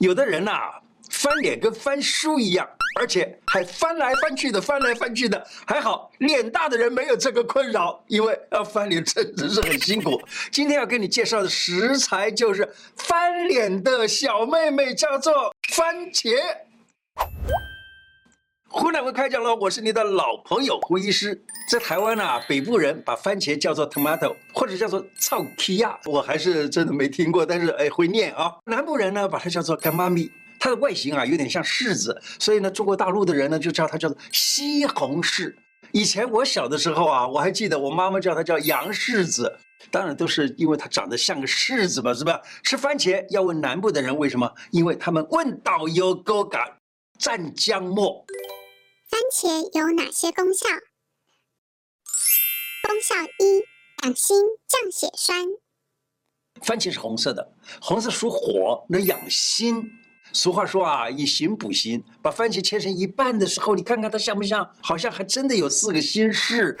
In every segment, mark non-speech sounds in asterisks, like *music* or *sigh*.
有的人吶、啊，翻臉跟翻書一樣，而且還翻來翻去的，翻來翻去的。還好臉大的人沒有這個困擾，因為要翻臉真的是很辛苦。 *laughs* 今天要給你介紹的食材就是翻臉的小妹妹，叫做番茄。胡乃文開講了，我是你的老朋友胡醫師。在台灣啊，北部人把番茄叫做 tomato，或者叫做草皮亞，我還是真的沒聽過，但是哎會念啊。南部人呢，把它叫做甘媽咪，它的外形啊有點像柿子，所以呢中國大陸的人呢就叫它叫做西紅柿。以前我小的時候啊，我還記得我媽媽叫它叫洋柿子，當然都是因為它長得像個柿子嘛，是吧？吃番茄要問南部的人為什麼？因為他們問道有勾嘎，蘸薑末。番茄有哪些功效？功效一：養心、降血栓。番茄是紅色的，紅色屬火，能養心。俗話說啊，以形補形。把番茄切成一半的時候，你看看它像不像？好像還真的有四個心室。啊、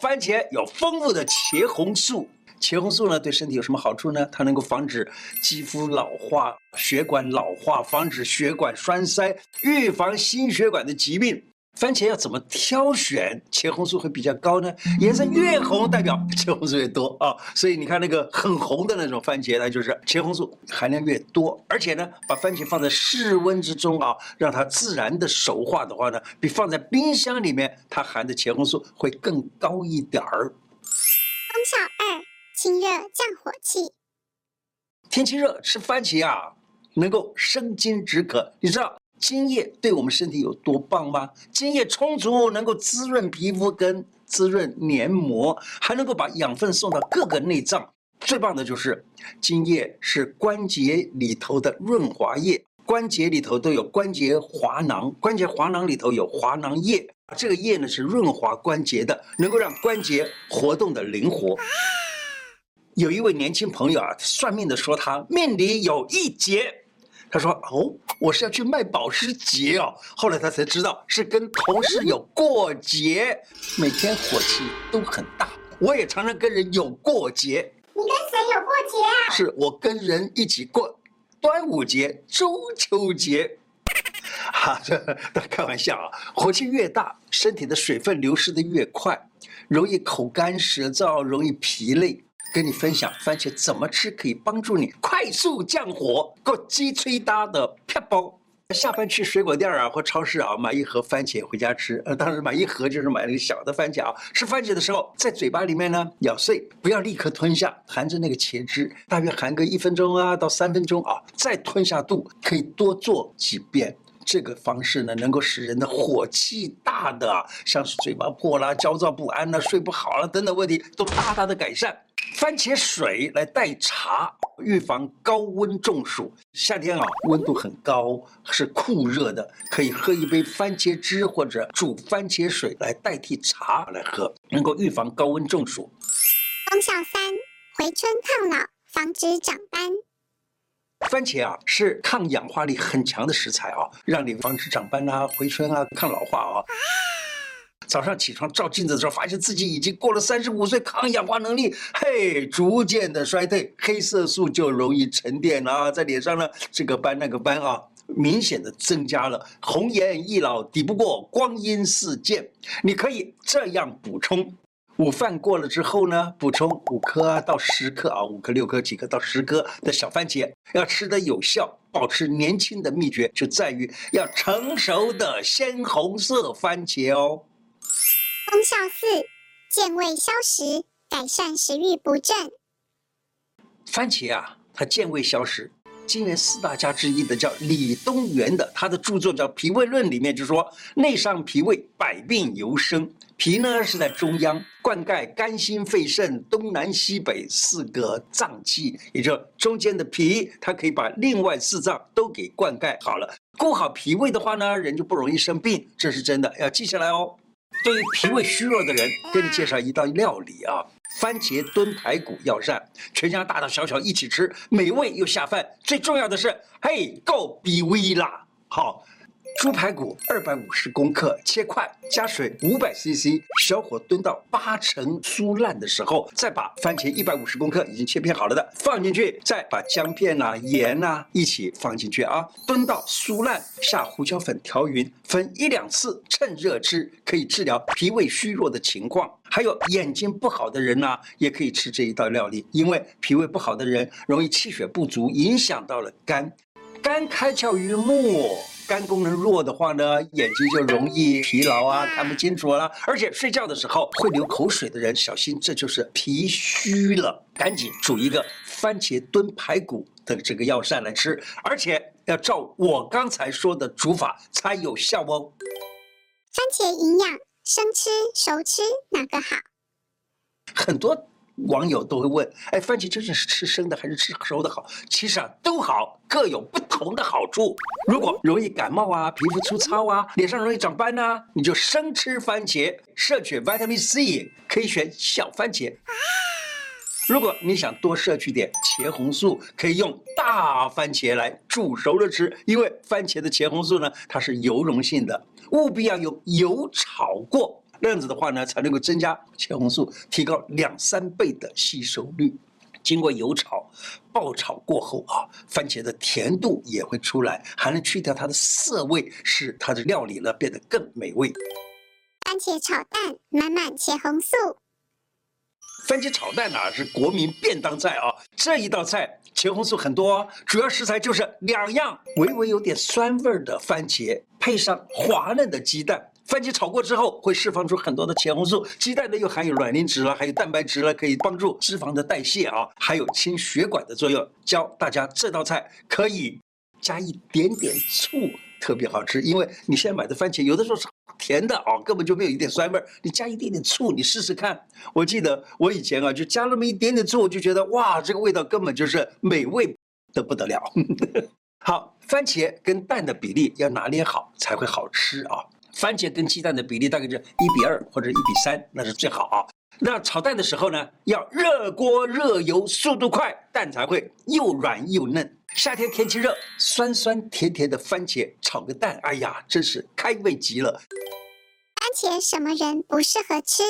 番茄有豐富的茄紅素。茄紅素呢，對身體有什麼好處呢？它能夠防止肌膚老化、血管老化，防止血管栓塞，預防心血管的疾病。番茄要怎麼挑選茄紅素會比較高呢？顏色越紅，代表茄紅素越多啊。所以你看那個很紅的那種番茄呢，那就是茄紅素含量越多。而且呢，把番茄放在室溫之中啊，讓它自然的熟化的話呢，比放在冰箱裡面，它含的茄紅素會更高一點兒。清熱降火氣，天氣熱吃番茄啊，能夠生津止渴。你知道津液對我們身體有多棒嗎？津液充足，能夠滋潤皮膚跟滋潤黏膜，還能夠把養分送到各個內臟。最棒的就是，津液是關節裡頭的潤滑液。關節裡頭都有關節滑囊，關節滑囊裡頭有滑囊液，這個液呢是潤滑關節的，能夠讓關節活動得靈活。啊有一位年輕朋友啊，算命的說他命裡有一劫。他說：“哦，我是要去賣保時捷哦。”後來他才知道是跟同事有過節，每天火氣都很大。我也常常跟人有過節。你跟誰有過節啊？是我跟人一起過端午節、中秋節。哈哈，開玩笑啊！火氣越大，身體的水分流失的越快，容易口乾舌燥，容易疲累。跟你分享番茄怎麼吃可以幫助你快速降火，過雞吹搭的偏方。下班去水果店啊或超市啊買一盒番茄回家吃。呃，當時買一盒就是買那個小的番茄啊。吃番茄的時候在嘴巴裡面呢咬碎，不要立刻吞下，含着那個茄汁，大約含個一分鐘啊到三分鐘啊，再吞下肚，可以多做幾遍。這個方式呢，能夠使人的火氣大的啊，像是嘴巴破了、焦躁不安了、睡不好了等等問題，都大大的改善。番茄水來代茶，預防高溫中暑。夏天啊，溫度很高，是酷熱的，可以喝一杯番茄汁或者煮番茄水來代替茶來喝，能夠預防高溫中暑。功效三：回春抗老，防止長斑。番茄啊，是抗氧化力很強的食材啊，讓你防止長斑啊、回春啊、抗老化啊。早上起床照鏡子的時候，發現自己已經過了三十五歲，抗氧化能力，嘿，逐漸的衰退，黑色素就容易沉澱了啊，在臉上呢，這個斑那個斑啊，明顯的增加了。紅顏易老，抵不過光陰似箭。你可以這樣補充。午飯過了之後呢，補充五顆到十顆啊，五顆、六顆、幾顆到十顆的小番茄，要吃得有效。保持年輕的秘訣就在於要成熟的鮮紅色番茄哦。功效四，健胃消食，改善食欲不振。番茄啊，它健胃消食。金元四大家之一的叫李東垣的，他的著作叫《脾胃論》，裡面就說內傷脾胃，百病由生。脾呢是在中央灌溉肝、心、肺、腎東南西北四個臟器，也就中間的脾，它可以把另外四臟都給灌溉好了。顧好脾胃的話呢，人就不容易生病，這是真的，要記下來哦。對於脾胃虛弱的人，給你介紹一道料理啊。番茄燉排骨藥膳，全家大大小小一起吃，美味又下飯。最重要的是，嘿，夠逼微辣，hey, go, 好。豬排骨二百五十公克，切塊，加水五百 CC，小火燉到八成酥爛的時候，再把番茄一百五十公克已經切片好了的放進去，再把薑片啊、鹽啊一起放進去啊，燉到酥爛，下胡椒粉調勻，分一兩次，趁熱吃，可以治療脾胃虛弱的情況。還有眼睛不好的人吶、啊，也可以吃這一道料理，因為脾胃不好的人容易氣血不足，影響到了肝。肝開竅於目，肝功能弱的話呢，眼睛就容易疲勞啊，看不清楚了。而且睡覺的時候會流口水的人，小心這就是脾虛了。趕緊煮一個番茄燉排骨的這個藥膳來吃，而且要照我剛才說的煮法才有效哦。番茄營養，生吃熟吃哪個好？很多，網友都會問：哎，番茄究竟是吃生的還是吃熟的好？其實啊，都好，各有不同的好處。如果容易感冒啊、皮膚粗糙啊、臉上容易長斑吶、啊，你就生吃番茄，攝取 vitamin C，可以選小番茄。如果你想多攝取點茄紅素，可以用大番茄來煮熟了吃，因為番茄的茄紅素呢，它是油溶性的，務必要用油炒過。這樣子的話呢，才能夠增加茄紅素，提高兩三倍的吸收率。經過油炒、爆炒過後啊，番茄的甜度也會出來，還能去掉它的澀味，使它的料理呢，變得更美味。番茄炒蛋，滿滿茄紅素。番茄炒蛋呢啊，是國民便當菜啊，這一道菜茄紅素很多哦，主要食材就是兩樣，微微有點酸味的番茄，配上滑嫩的雞蛋。番茄炒過之後會釋放出很多的茄紅素，雞蛋呢又含有卵磷脂了，還有蛋白質了，可以幫助脂肪的代謝啊，還有清血管的作用。教大家這道菜可以加一點點醋，特別好吃，因為你現在買的番茄有的時候是甜的啊，根本就沒有一點酸味兒。你加一點點醋，你試試看。我記得我以前啊，就加那麼一點點醋，我就覺得哇，這個味道根本就是美味得不得了。 *laughs* 好，番茄跟蛋的比例要拿捏好才會好吃啊。番茄跟雞蛋的比例大概是一比二或者一比三，那是最好啊。那炒蛋的時候呢，要熱鍋熱油，速度快，蛋才會又軟又嫩。夏天天氣熱，酸酸甜甜的番茄炒個蛋，哎呀，真是開胃極了。番茄什麼人不適合吃？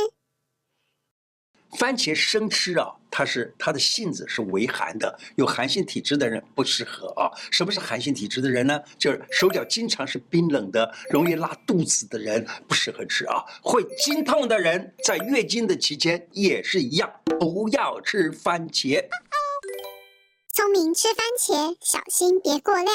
番茄生吃啊，它是它的性子是微寒的，有寒性體質的人不適合啊。什麼是寒性體質的人呢？就是手腳經常是冰冷的，容易拉肚子的人不適合吃啊。會經痛的人在月經的期間也是一樣，不要吃番茄。聰明吃番茄，小心別過量。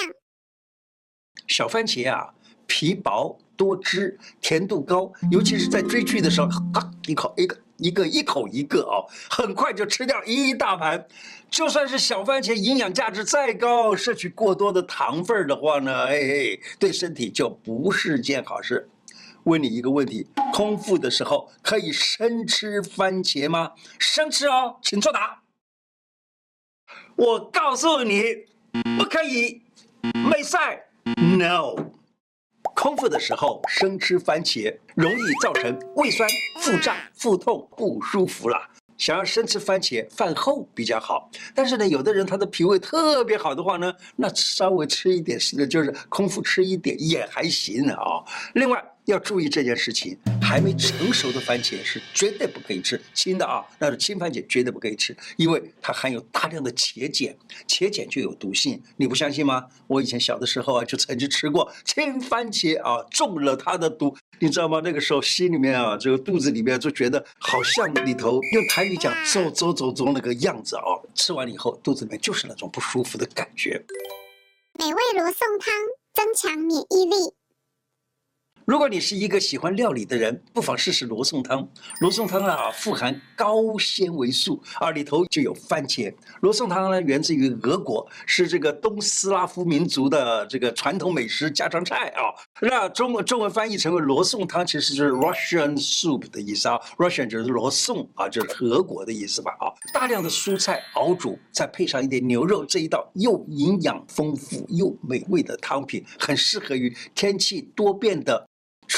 小番茄啊，皮薄多汁，甜度高，尤其是在追劇的時候，咔、啊、一口一個。一個一口一個哦，很快就吃掉一大盤。就算是小番茄營養價值再高，攝取過多的糖分的話呢，哎哎，對身體就不是件好事。問你一個問題：空腹的時候可以生吃番茄嗎？生吃哦，請作答。我告訴你，不可以，沒賽，no。空腹的時候生吃番茄容易造成胃酸、腹脹、腹痛、不舒服了。想要生吃番茄，飯後比較好。但是呢，有的人他的脾胃特別好的話呢，那稍微吃一點，是就是空腹吃一點也還行啊、哦。另外要注意這件事情。還沒成熟的番茄是絕對不可以吃青的啊，那是青番茄絕對不可以吃，因為它含有大量的茄鹼，茄鹼就有毒性，你不相信嗎？我以前小的時候啊，就曾經吃過青番茄啊，中了它的毒，你知道嗎？那個時候心裡面啊，這個肚子裡面就覺得好像裡頭用台語講，走走走走那個樣子啊、哦，吃完以後肚子裡面就是那種不舒服的感覺。美味羅宋湯增強免疫力。如果你是一個喜歡料理的人，不妨試試羅宋湯。羅宋湯啊，富含高纖維素，啊，裡頭就有番茄。羅宋湯呢，源自於俄國，是這個東斯拉夫民族的這個傳統美食家常菜啊。那中文中文翻譯成為羅宋湯，其實就是 Russian soup 的意思啊。Russian 就是羅宋啊，就是俄國的意思吧啊。大量的蔬菜熬煮，再配上一點牛肉，這一道又營養豐富又美味的湯品，很適合於天氣多變的。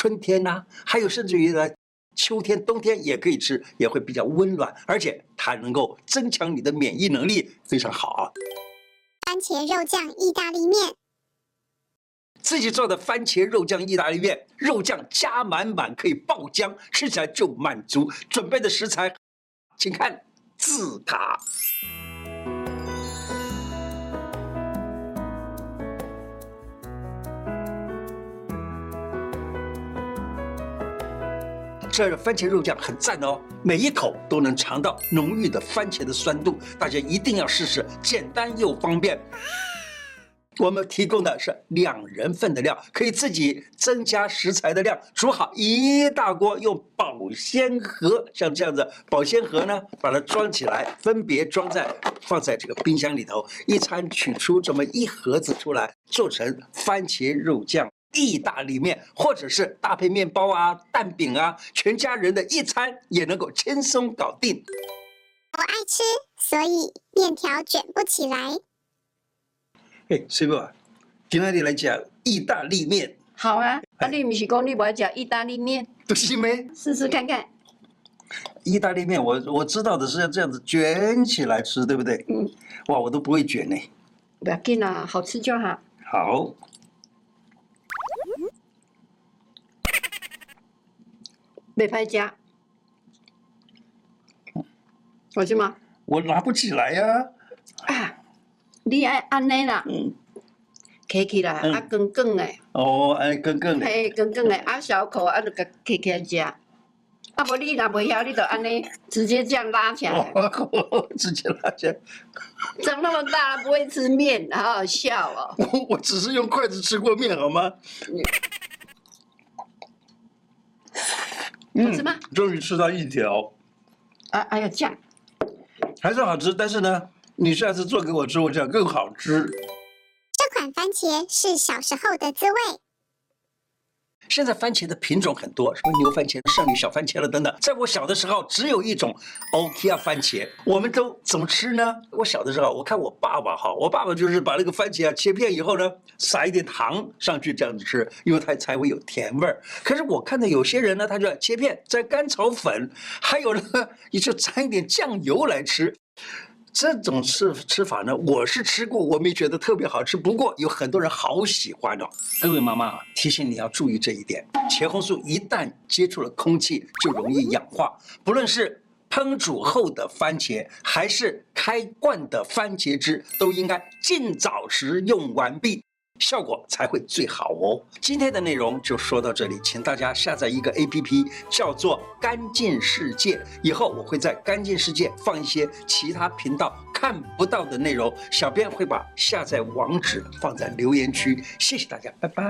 春天吶、啊，還有甚至於呢，秋天、冬天也可以吃，也會比較溫暖，而且它能夠增強你的免疫能力，非常好啊！番茄肉醬意大利麵，自己做的番茄肉醬意大利麵，肉醬加滿滿，可以爆漿，吃起來就滿足。準備的食材，請看字卡。自這番茄肉醬很讚哦，每一口都能嚐到濃郁的番茄的酸度，大家一定要試試，簡單又方便。我們提供的是兩人份的量，可以自己增加食材的量，煮好一大鍋，用保鮮盒，像這樣子，保鮮盒呢，把它裝起來，分別裝在放在這個冰箱裡頭，一餐取出這麼一盒子，出來，做成番茄肉醬。意大利麵，或者是搭配麵包啊、蛋餅啊，全家人的一餐也能夠輕鬆搞定。不愛吃，所以麵條捲不起來。哎、hey, 啊，師傅今天你來講意大利麵。好啊，意、哎啊、大利麵是工地，我要叫意大利麵。不是咩？試試看看。意大利麵，我我知道的是要這樣子捲起來吃，對不對？嗯、哇，我都不會捲呢。不要緊啦，好吃就好。好。袂歹食，我去嗎？我拿不起來呀、啊！啊，你愛安尼啦，起起來、嗯、啊，捲捲的。哦、啊，安捲捲。嘿，捲捲的啊，小口啊，就甲起起來吃啊不不，不你若不要你就安尼 *laughs* 直接這樣拉起來。我 *laughs* 直接拉起來。長那麼大不會吃麵，好好笑哦、喔！我只是用筷子吃過麵，好嗎？好、嗯、吃吧。終於吃到一條，哎、啊、哎呀醬，這樣還是好吃。但是呢，你下次做給我吃，我這樣更好吃。這款番茄是小時候的滋味。現在番茄的品種很多，什麼牛番茄，聖女小番茄了等等。在我小的時候，只有一種 OK 啊番茄。我們都怎麼吃呢？我小的時候，我看我爸爸哈，我爸爸就是把那個番茄啊切片以後呢，撒一點糖上去這樣子吃，因為它才會有甜味兒。可是我看到有些人呢，他就切片沾甘草粉，還有呢，你就沾一點醬油來吃。這種吃吃法呢，我是吃過，我沒覺得特別好吃。不過有很多人好喜歡哦。各位媽媽，提醒你要注意這一點：茄紅素一旦接觸了空氣，就容易氧化。不論是烹煮後的番茄，還是開罐的番茄汁，都應該盡早食用完畢。效果才會最好哦。今天的內容就說到這裡，請大家下載一個 APP，叫做《乾淨世界》。以後我會在《乾淨世界》放一些其他頻道看不到的內容，小編會把下載網址放在留言區。謝謝大家，拜拜。